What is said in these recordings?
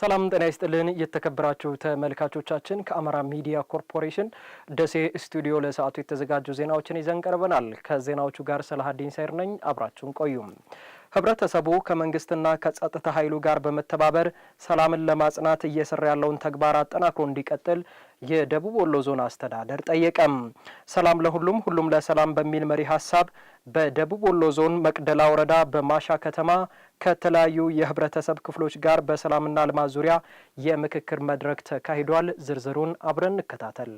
ሰላም ጤና ይስጥልን። የተከበራችሁ ተመልካቾቻችን ከአማራ ሚዲያ ኮርፖሬሽን ደሴ ስቱዲዮ ለሰዓቱ የተዘጋጁ ዜናዎችን ይዘን ቀርበናል። ከዜናዎቹ ጋር ሰላሀዲን ሳይር ነኝ። አብራችሁን ቆዩም። ህብረተሰቡ ከመንግስትና ከጸጥታ ኃይሉ ጋር በመተባበር ሰላምን ለማጽናት እየሰራ ያለውን ተግባር አጠናክሮ እንዲቀጥል የደቡብ ወሎ ዞን አስተዳደር ጠየቀም። ሰላም ለሁሉም ሁሉም ለሰላም በሚል መሪ ሀሳብ በደቡብ ወሎ ዞን መቅደላ ወረዳ በማሻ ከተማ ከተለያዩ የህብረተሰብ ክፍሎች ጋር በሰላምና ልማት ዙሪያ የምክክር መድረክ ተካሂዷል። ዝርዝሩን አብረን እንከታተል።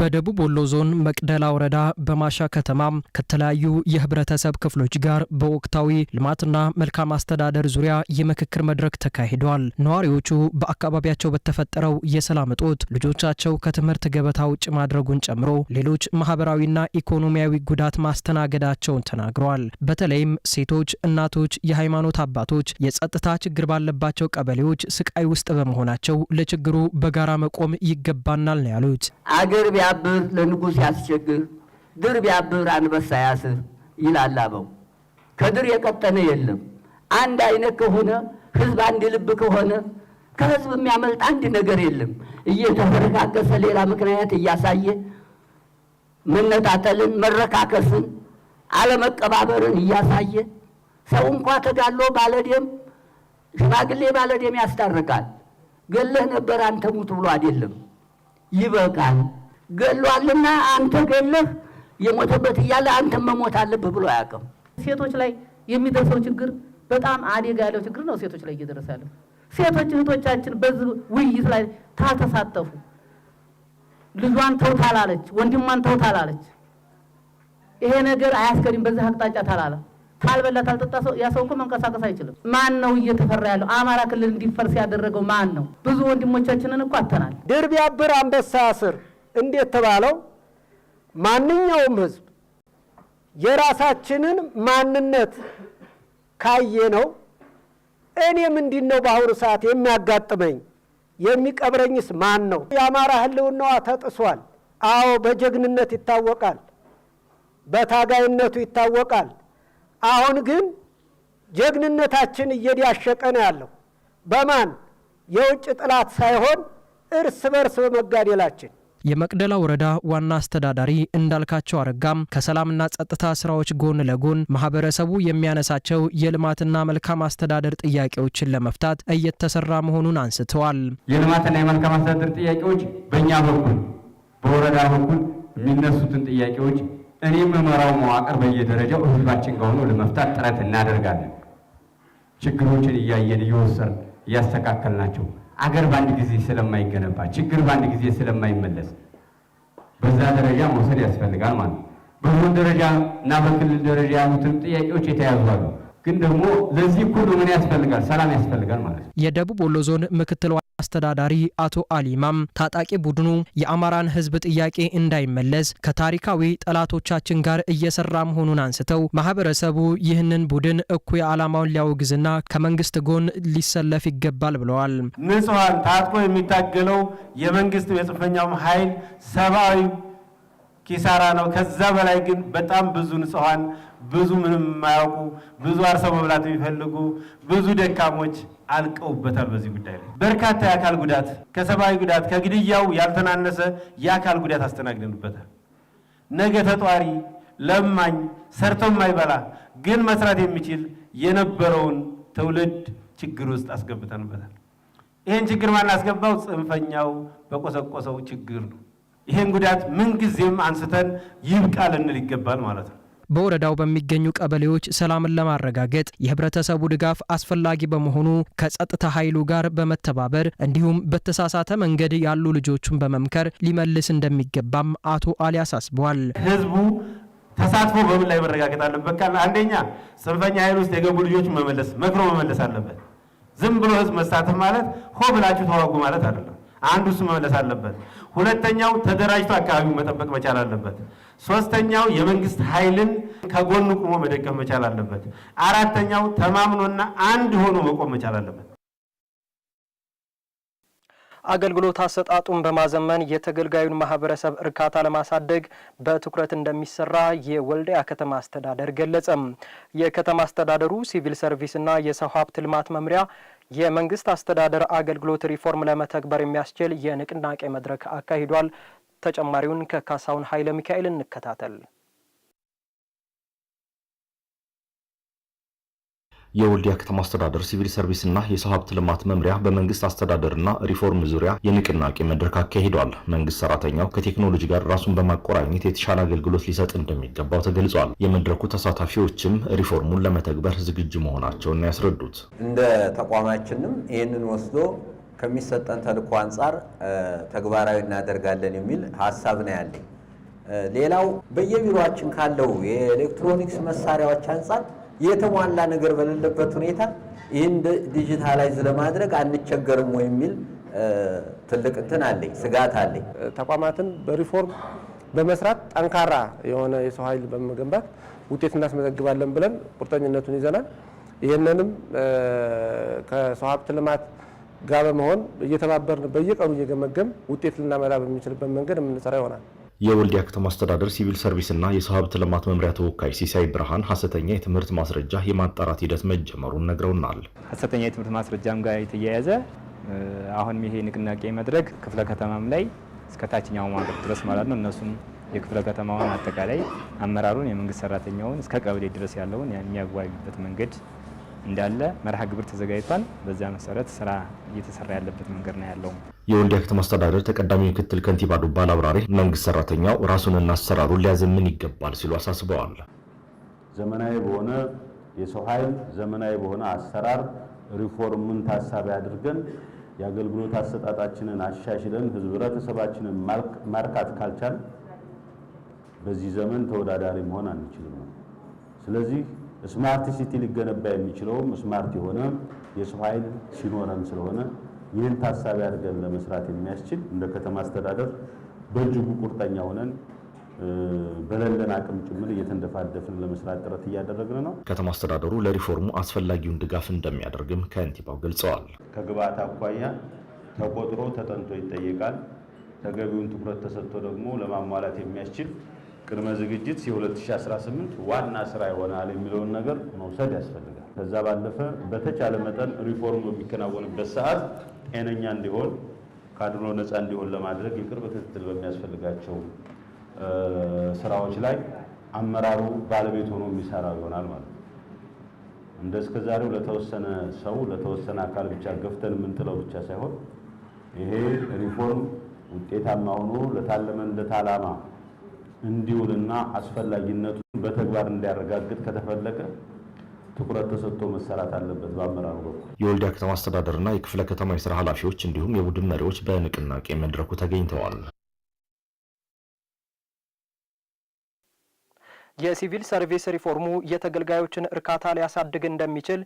በደቡብ ወሎ ዞን መቅደላ ወረዳ በማሻ ከተማ ከተለያዩ የህብረተሰብ ክፍሎች ጋር በወቅታዊ ልማትና መልካም አስተዳደር ዙሪያ የምክክር መድረክ ተካሂዷል። ነዋሪዎቹ በአካባቢያቸው በተፈጠረው የሰላም እጦት ልጆቻቸው ከትምህርት ገበታ ውጭ ማድረጉን ጨምሮ ሌሎች ማህበራዊና ኢኮኖሚያዊ ጉዳት ማስተናገዳቸውን ተናግረዋል። በተለይም ሴቶች፣ እናቶች፣ የሃይማኖት አባቶች የጸጥታ ችግር ባለባቸው ቀበሌዎች ስቃይ ውስጥ በመሆናቸው ለችግሩ በጋራ መቆም ይገባናል ነው ያሉት። ቢያብር ለንጉሥ ያስቸግር፣ ድር ቢያብር አንበሳ ያስር ይላል አበው። ከድር የቀጠነ የለም። አንድ አይነት ከሆነ ህዝብ አንድ ልብ ከሆነ ከህዝብ የሚያመልጥ አንድ ነገር የለም። እየተፈረካከሰ ሌላ ምክንያት እያሳየ መነጣጠልን፣ መረካከስን፣ አለመቀባበርን እያሳየ ሰው እንኳ ተጋሎ ባለደም ሽማግሌ ባለደም ያስታርቃል። ገለህ ነበር አንተ ሙት ብሎ አይደለም። ይበቃል። ገሏልና አንተ ገለህ የሞተበት እያለ አንተ መሞት አለብህ ብሎ አያውቅም። ሴቶች ላይ የሚደርሰው ችግር በጣም አደጋ ያለው ችግር ነው። ሴቶች ላይ እየደረሰ ያለው ሴቶች እህቶቻችን በዚህ ውይይት ላይ ታተሳተፉ ልጇን ተው አለች፣ ወንድሟን ተውታል አለች። ይሄ ነገር አያስከድም በዚህ አቅጣጫ ታላለ ካልበላ ታልጠጣ ሰው ያ ሰው እኮ መንቀሳቀስ አይችልም። ማን ነው እየተፈራ ያለው? አማራ ክልል እንዲፈርስ ያደረገው ማን ነው? ብዙ ወንድሞቻችንን እኮ አተናል። ድር ቢያብር አንበሳ ስር እንዴት ተባለው? ማንኛውም ህዝብ የራሳችንን ማንነት ካየ ነው። እኔ እንዲን ነው በአሁኑ ሰዓት የሚያጋጥመኝ የሚቀብረኝስ ማን ነው? የአማራ ህልውናዋ ተጥሷል። አዎ በጀግንነት ይታወቃል፣ በታጋይነቱ ይታወቃል። አሁን ግን ጀግንነታችን እየዳሸቀ ነው ያለው በማን የውጭ ጥላት ሳይሆን እርስ በርስ በመጋደላችን የመቅደላ ወረዳ ዋና አስተዳዳሪ እንዳልካቸው አረጋም ከሰላምና ጸጥታ ስራዎች ጎን ለጎን ማህበረሰቡ የሚያነሳቸው የልማትና መልካም አስተዳደር ጥያቄዎችን ለመፍታት እየተሰራ መሆኑን አንስተዋል። የልማትና የመልካም አስተዳደር ጥያቄዎች በእኛ በኩል በወረዳ በኩል የሚነሱትን ጥያቄዎች እኔ መመራው መዋቅር በየደረጃው ህዝባችን ከሆኑ ለመፍታት ጥረት እናደርጋለን። ችግሮችን እያየን እየወሰን እያስተካከልናቸው አገር በአንድ ጊዜ ስለማይገነባ ችግር በአንድ ጊዜ ስለማይመለስ በዛ ደረጃ መውሰድ ያስፈልጋል ማለት ነው። በዞን ደረጃ እና በክልል ደረጃ ያሉትን ጥያቄዎች የተያዙ አሉ። ግን ደግሞ ለዚህ ሁሉ ምን ያስፈልጋል? ሰላም ያስፈልጋል ማለት ነው። የደቡብ ወሎ ዞን ምክትል አስተዳዳሪ አቶ አሊማም ታጣቂ ቡድኑ የአማራን ሕዝብ ጥያቄ እንዳይመለስ ከታሪካዊ ጠላቶቻችን ጋር እየሰራ መሆኑን አንስተው ማህበረሰቡ ይህንን ቡድን እኩይ ዓላማውን ሊያወግዝና ከመንግስት ጎን ሊሰለፍ ይገባል ብለዋል። ንጹሐን ታጥቆ የሚታገለው የመንግስት የጽንፈኛውም ኃይል ሰብአዊ ኪሳራ ነው። ከዛ በላይ ግን በጣም ብዙ ንጹሐን ብዙ ምንም የማያውቁ ብዙ አርሰው መብላት የሚፈልጉ ብዙ ደካሞች አልቀውበታል። በዚህ ጉዳይ ላይ በርካታ የአካል ጉዳት ከሰብአዊ ጉዳት ከግድያው ያልተናነሰ የአካል ጉዳት አስተናግደንበታል። ነገ ተጧሪ ለማኝ ሰርቶ የማይበላ ግን መስራት የሚችል የነበረውን ትውልድ ችግር ውስጥ አስገብተንበታል። ይህን ችግር ማን አስገባው? ጽንፈኛው በቆሰቆሰው ችግር ነው። ይህን ጉዳት ምንጊዜም አንስተን ይብቃ ልንል ይገባል ማለት ነው። በወረዳው በሚገኙ ቀበሌዎች ሰላምን ለማረጋገጥ የህብረተሰቡ ድጋፍ አስፈላጊ በመሆኑ ከጸጥታ ኃይሉ ጋር በመተባበር እንዲሁም በተሳሳተ መንገድ ያሉ ልጆቹን በመምከር ሊመልስ እንደሚገባም አቶ አሊ አሳስበዋል። ህዝቡ ተሳትፎ በምን ላይ መረጋገጥ አለበት? ካለ አንደኛ ጽንፈኛ ኃይል ውስጥ የገቡ ልጆች መመለስ መክሮ መመለስ አለበት። ዝም ብሎ ህዝብ መሳተፍ ማለት ሆ ብላችሁ ተዋጉ ማለት አይደለም። አንዱ እሱ መመለስ አለበት። ሁለተኛው ተደራጅቶ አካባቢው መጠበቅ መቻል አለበት። ሶስተኛው የመንግስት ኃይልን ከጎኑ ቁሞ መደገፍ መቻል አለበት። አራተኛው ተማምኖና አንድ ሆኖ መቆም መቻል አለበት። አገልግሎት አሰጣጡን በማዘመን የተገልጋዩን ማህበረሰብ እርካታ ለማሳደግ በትኩረት እንደሚሰራ የወልዲያ ከተማ አስተዳደር ገለጸም። የከተማ አስተዳደሩ ሲቪል ሰርቪስና የሰው ሀብት ልማት መምሪያ የመንግስት አስተዳደር አገልግሎት ሪፎርም ለመተግበር የሚያስችል የንቅናቄ መድረክ አካሂዷል። ተጨማሪውን ከካሳሁን ኃይለ ሚካኤል እንከታተል። የወልዲያ ከተማ አስተዳደር ሲቪል ሰርቪስና የሰው ሀብት ልማት መምሪያ በመንግስት አስተዳደርና ሪፎርም ዙሪያ የንቅናቄ መድረክ አካሂዷል። መንግስት ሰራተኛው ከቴክኖሎጂ ጋር ራሱን በማቆራኘት የተሻለ አገልግሎት ሊሰጥ እንደሚገባው ተገልጿል። የመድረኩ ተሳታፊዎችም ሪፎርሙን ለመተግበር ዝግጁ መሆናቸውን ያስረዱት እንደ ተቋማችንም ይህንን ወስዶ ከሚሰጠን ተልእኮ አንጻር ተግባራዊ እናደርጋለን የሚል ሀሳብ ነው ያለኝ። ሌላው በየቢሮችን ካለው የኤሌክትሮኒክስ መሳሪያዎች አንጻር የተሟላ ነገር በሌለበት ሁኔታ ይህን ዲጂታላይዝ ለማድረግ አንቸገርም ወይ የሚል ትልቅ እንትን አለኝ፣ ስጋት አለኝ። ተቋማትን በሪፎርም በመስራት ጠንካራ የሆነ የሰው ኃይል በመገንባት ውጤት እናስመዘግባለን ብለን ቁርጠኝነቱን ይዘናል። ይህንንም ከሰው ሀብት ልማት ጋር በመሆን እየተባበርን በየቀኑ እየገመገም ውጤት ልናመላ በሚችልበት መንገድ የምንሰራ ይሆናል። የወልዲያ ከተማ አስተዳደር ሲቪል ሰርቪስና የሰው ሀብት ልማት መምሪያ ተወካይ ሲሳይ ብርሃን ሀሰተኛ የትምህርት ማስረጃ የማጣራት ሂደት መጀመሩን ነግረውናል። ሀሰተኛ የትምህርት ማስረጃም ጋር የተያያዘ አሁንም ይሄ ንቅናቄ መድረክ ክፍለ ከተማም ላይ እስከ ታችኛው ማቅር ድረስ ማለት ነው። እነሱም የክፍለ ከተማውን አጠቃላይ አመራሩን፣ የመንግስት ሰራተኛውን እስከ ቀበሌ ድረስ ያለውን የሚያጓዩበት መንገድ እንዳለ መርሃ ግብር ተዘጋጅቷል። በዚያ መሰረት ስራ እየተሰራ ያለበት መንገድ ነው ያለው። የወልዲያ ከተማ አስተዳደር ተቀዳሚ ምክትል ከንቲባ ዱባል አብራሪ መንግስት ሰራተኛው ራሱንና አሰራሩን ሊያዘምን ይገባል ሲሉ አሳስበዋል። ዘመናዊ በሆነ የሰው ኃይል ዘመናዊ በሆነ አሰራር ሪፎርምን ታሳቢ አድርገን የአገልግሎት አሰጣጣችንን አሻሽለን ህብረተሰባችንን ማርካት ካልቻል በዚህ ዘመን ተወዳዳሪ መሆን አንችልም ነው። ስለዚህ ስማርት ሲቲ ሊገነባ የሚችለውም ስማርት የሆነ የሰው ኃይል ሲኖረን ስለሆነ ይህን ታሳቢ አድርገን ለመስራት የሚያስችል እንደ ከተማ አስተዳደር በእጅጉ ቁርጠኛ ሆነን በለለን አቅም ጭምር እየተንደፋደፍን ለመስራት ጥረት እያደረግን ነው። ከተማ አስተዳደሩ ለሪፎርሙ አስፈላጊውን ድጋፍ እንደሚያደርግም ከንቲባው ገልጸዋል። ከግብአት አኳያ ተቆጥሮ ተጠንቶ ይጠየቃል። ተገቢውን ትኩረት ተሰጥቶ ደግሞ ለማሟላት የሚያስችል ቅድመ ዝግጅት የ2018 ዋና ስራ ይሆናል የሚለውን ነገር መውሰድ ያስፈልጋል። ከዛ ባለፈ በተቻለ መጠን ሪፎርም በሚከናወንበት ሰዓት ጤነኛ እንዲሆን ካድሮ ነፃ እንዲሆን ለማድረግ የቅርብ ክትትል በሚያስፈልጋቸው ስራዎች ላይ አመራሩ ባለቤት ሆኖ የሚሰራው ይሆናል ማለት ነው። እንደ እስከ ዛሬው ለተወሰነ ሰው ለተወሰነ አካል ብቻ ገፍተን የምንጥለው ብቻ ሳይሆን ይሄ ሪፎርም ውጤታማ ሆኖ ለታለመለት ዓላማ እንዲውልና አስፈላጊነቱን በተግባር እንዲያረጋግጥ ከተፈለገ ትኩረት ተሰጥቶ መሰራት አለበት። በአመራሩ በኩል የወልዲያ ከተማ አስተዳደርና የክፍለ ከተማ የስራ ኃላፊዎች እንዲሁም የቡድን መሪዎች በንቅናቄ መድረኩ ተገኝተዋል። የሲቪል ሰርቪስ ሪፎርሙ የተገልጋዮችን እርካታ ሊያሳድግ እንደሚችል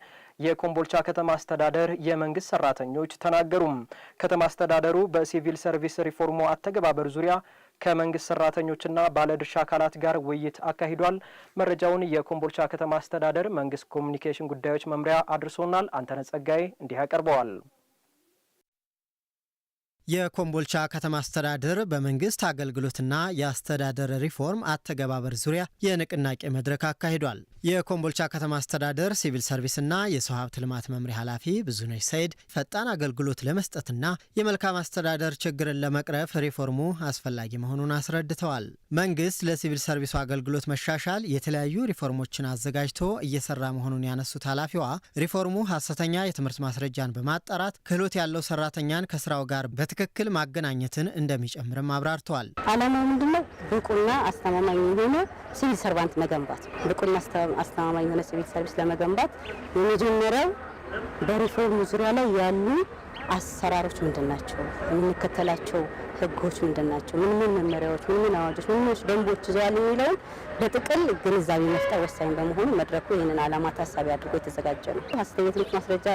የኮምቦልቻ ከተማ አስተዳደር የመንግስት ሰራተኞች ተናገሩም። ከተማ አስተዳደሩ በሲቪል ሰርቪስ ሪፎርሙ አተገባበር ዙሪያ ከመንግስት ሰራተኞችና ባለድርሻ አካላት ጋር ውይይት አካሂዷል። መረጃውን የኮምቦልቻ ከተማ አስተዳደር መንግስት ኮሚኒኬሽን ጉዳዮች መምሪያ አድርሶናል። አንተነ ጸጋይ እንዲህ ያቀርበዋል። የኮምቦልቻ ከተማ አስተዳደር በመንግስት አገልግሎትና የአስተዳደር ሪፎርም አተገባበር ዙሪያ የንቅናቄ መድረክ አካሂዷል። የኮምቦልቻ ከተማ አስተዳደር ሲቪል ሰርቪስና የሰው ሀብት ልማት መምሪያ ኃላፊ ብዙነሽ ሰይድ ፈጣን አገልግሎት ለመስጠትና የመልካም አስተዳደር ችግርን ለመቅረፍ ሪፎርሙ አስፈላጊ መሆኑን አስረድተዋል። መንግስት ለሲቪል ሰርቪሱ አገልግሎት መሻሻል የተለያዩ ሪፎርሞችን አዘጋጅቶ እየሰራ መሆኑን ያነሱት ኃላፊዋ ሪፎርሙ ሀሰተኛ የትምህርት ማስረጃን በማጣራት ክህሎት ያለው ሰራተኛን ከስራው ጋር በት በትክክል ማገናኘትን እንደሚጨምርም አብራርተዋል። አላማው ምንድነው? ብቁና አስተማማኝ የሆነ ሲቪል ሰርቫንት መገንባት። ብቁና አስተማማኝ የሆነ ሲቪል ሰርቪስ ለመገንባት የመጀመሪያው በሪፎርም ዙሪያ ላይ ያሉ አሰራሮች ምንድን ናቸው? የምንከተላቸው ህጎች ምንድን ናቸው? ምን ምን መመሪያዎች፣ ምን ምን አዋጆች፣ ምን ምን ደንቦች ይዘዋል የሚለውን በጥቅል ግንዛቤ መፍጠር ወሳኝ በመሆኑ መድረኩ ይህንን ዓላማ ታሳቢ አድርጎ የተዘጋጀ ነው። ሀሰተኝነት ማስረጃ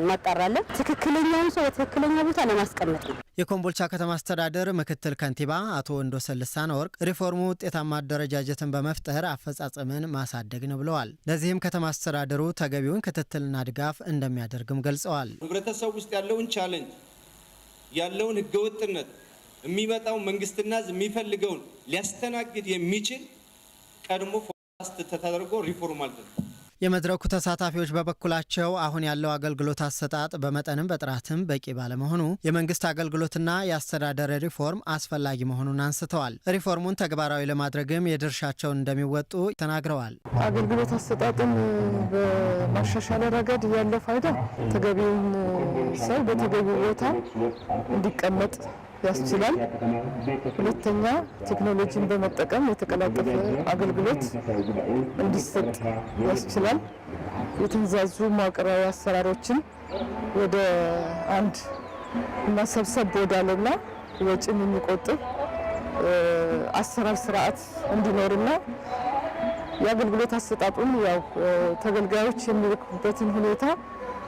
እናጣራለን። ትክክለኛውን ሰው በትክክለኛ ቦታ ለማስቀመጥ ነው። የኮምቦልቻ ከተማ አስተዳደር ምክትል ከንቲባ አቶ ወንዶሰን ልሳነ ወርቅ ሪፎርሙ ውጤታማ አደረጃጀትን በመፍጠር አፈጻጸምን ማሳደግ ነው ብለዋል። ለዚህም ከተማ አስተዳደሩ ተገቢውን ክትትልና ድጋፍ እንደሚያደርግም ገልጸዋል። ህብረተሰብ ውስጥ ያለውን ቻለንጅ ያለውን ህገወጥነት የሚመጣው መንግስትና የሚፈልገውን ሊያስተናግድ የሚችል ቀድሞ ፎካስት ተደርጎ ሪፎርም አልተደረገም። የመድረኩ ተሳታፊዎች በበኩላቸው አሁን ያለው አገልግሎት አሰጣጥ በመጠንም በጥራትም በቂ ባለመሆኑ የመንግስት አገልግሎትና የአስተዳደር ሪፎርም አስፈላጊ መሆኑን አንስተዋል። ሪፎርሙን ተግባራዊ ለማድረግም የድርሻቸውን እንደሚወጡ ተናግረዋል። አገልግሎት አሰጣጥን በማሻሻል ረገድ ያለው ፋይዳ ተገቢውን ሰው በተገቢው ቦታ እንዲቀመጥ ያስችላል። ሁለተኛ ቴክኖሎጂን በመጠቀም የተቀላጠፈ አገልግሎት እንዲሰጥ ያስችላል። የትንዛዙ መዋቅራዊ አሰራሮችን ወደ አንድ እና ሰብሰብ ወዳለና ወጪን የሚቆጥብ አሰራር ስርዓት እንዲኖርና የአገልግሎት አሰጣጡን ያው ተገልጋዮች የሚልኩበትን ሁኔታ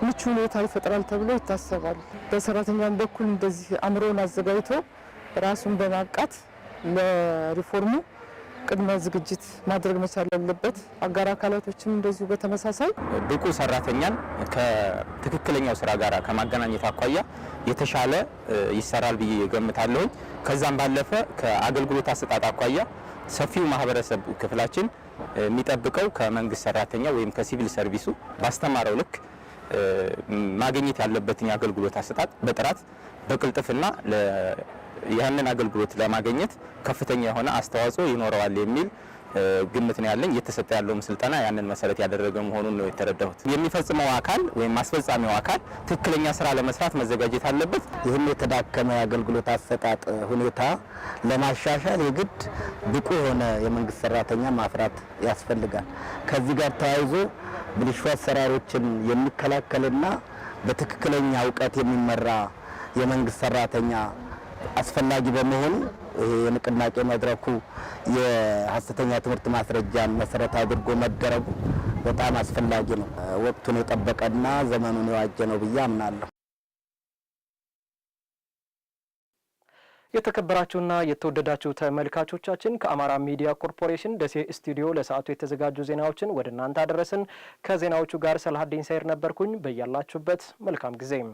ምቹ ሁኔታ ይፈጥራል ተብሎ ይታሰባል። በሰራተኛም በኩል እንደዚህ አእምሮውን አዘጋጅቶ ራሱን በማብቃት ለሪፎርሙ ቅድመ ዝግጅት ማድረግ መቻል ያለበት አጋር አካላቶችም እንደዚሁ በተመሳሳይ ብቁ ሰራተኛን ከትክክለኛው ስራ ጋር ከማገናኘት አኳያ የተሻለ ይሰራል ብዬ ገምታለሁኝ። ከዛም ባለፈ ከአገልግሎት አሰጣጥ አኳያ ሰፊው ማህበረሰብ ክፍላችን የሚጠብቀው ከመንግስት ሰራተኛ ወይም ከሲቪል ሰርቪሱ ባስተማረው ልክ ማግኘት ያለበትን የአገልግሎት አሰጣጥ በጥራት በቅልጥፍና ያንን አገልግሎት ለማግኘት ከፍተኛ የሆነ አስተዋጽኦ ይኖረዋል የሚል ግምት ነው ያለኝ። እየተሰጠ ያለውም ስልጠና ያንን መሰረት ያደረገ መሆኑን ነው የተረዳሁት። የሚፈጽመው አካል ወይም አስፈጻሚው አካል ትክክለኛ ስራ ለመስራት መዘጋጀት አለበት። ይህን የተዳከመ የአገልግሎት አሰጣጥ ሁኔታ ለማሻሻል የግድ ብቁ የሆነ የመንግስት ሰራተኛ ማፍራት ያስፈልጋል። ከዚህ ጋር ተያይዞ ብልሹ አሰራሮችን የሚከላከልና በትክክለኛ እውቀት የሚመራ የመንግስት ሰራተኛ አስፈላጊ በመሆኑ ይሄ የንቅናቄ መድረኩ የሀሰተኛ ትምህርት ማስረጃን መሰረት አድርጎ መደረጉ በጣም አስፈላጊ ነው። ወቅቱን የጠበቀና ዘመኑን የዋጀ ነው ብዬ አምናለሁ። የተከበራችሁና የተወደዳችሁ ተመልካቾቻችን ከአማራ ሚዲያ ኮርፖሬሽን ደሴ ስቱዲዮ ለሰዓቱ የተዘጋጁ ዜናዎችን ወደ እናንተ አደረስን። ከዜናዎቹ ጋር ሰላሀዲን ሳይር ነበርኩኝ። በያላችሁበት መልካም ጊዜም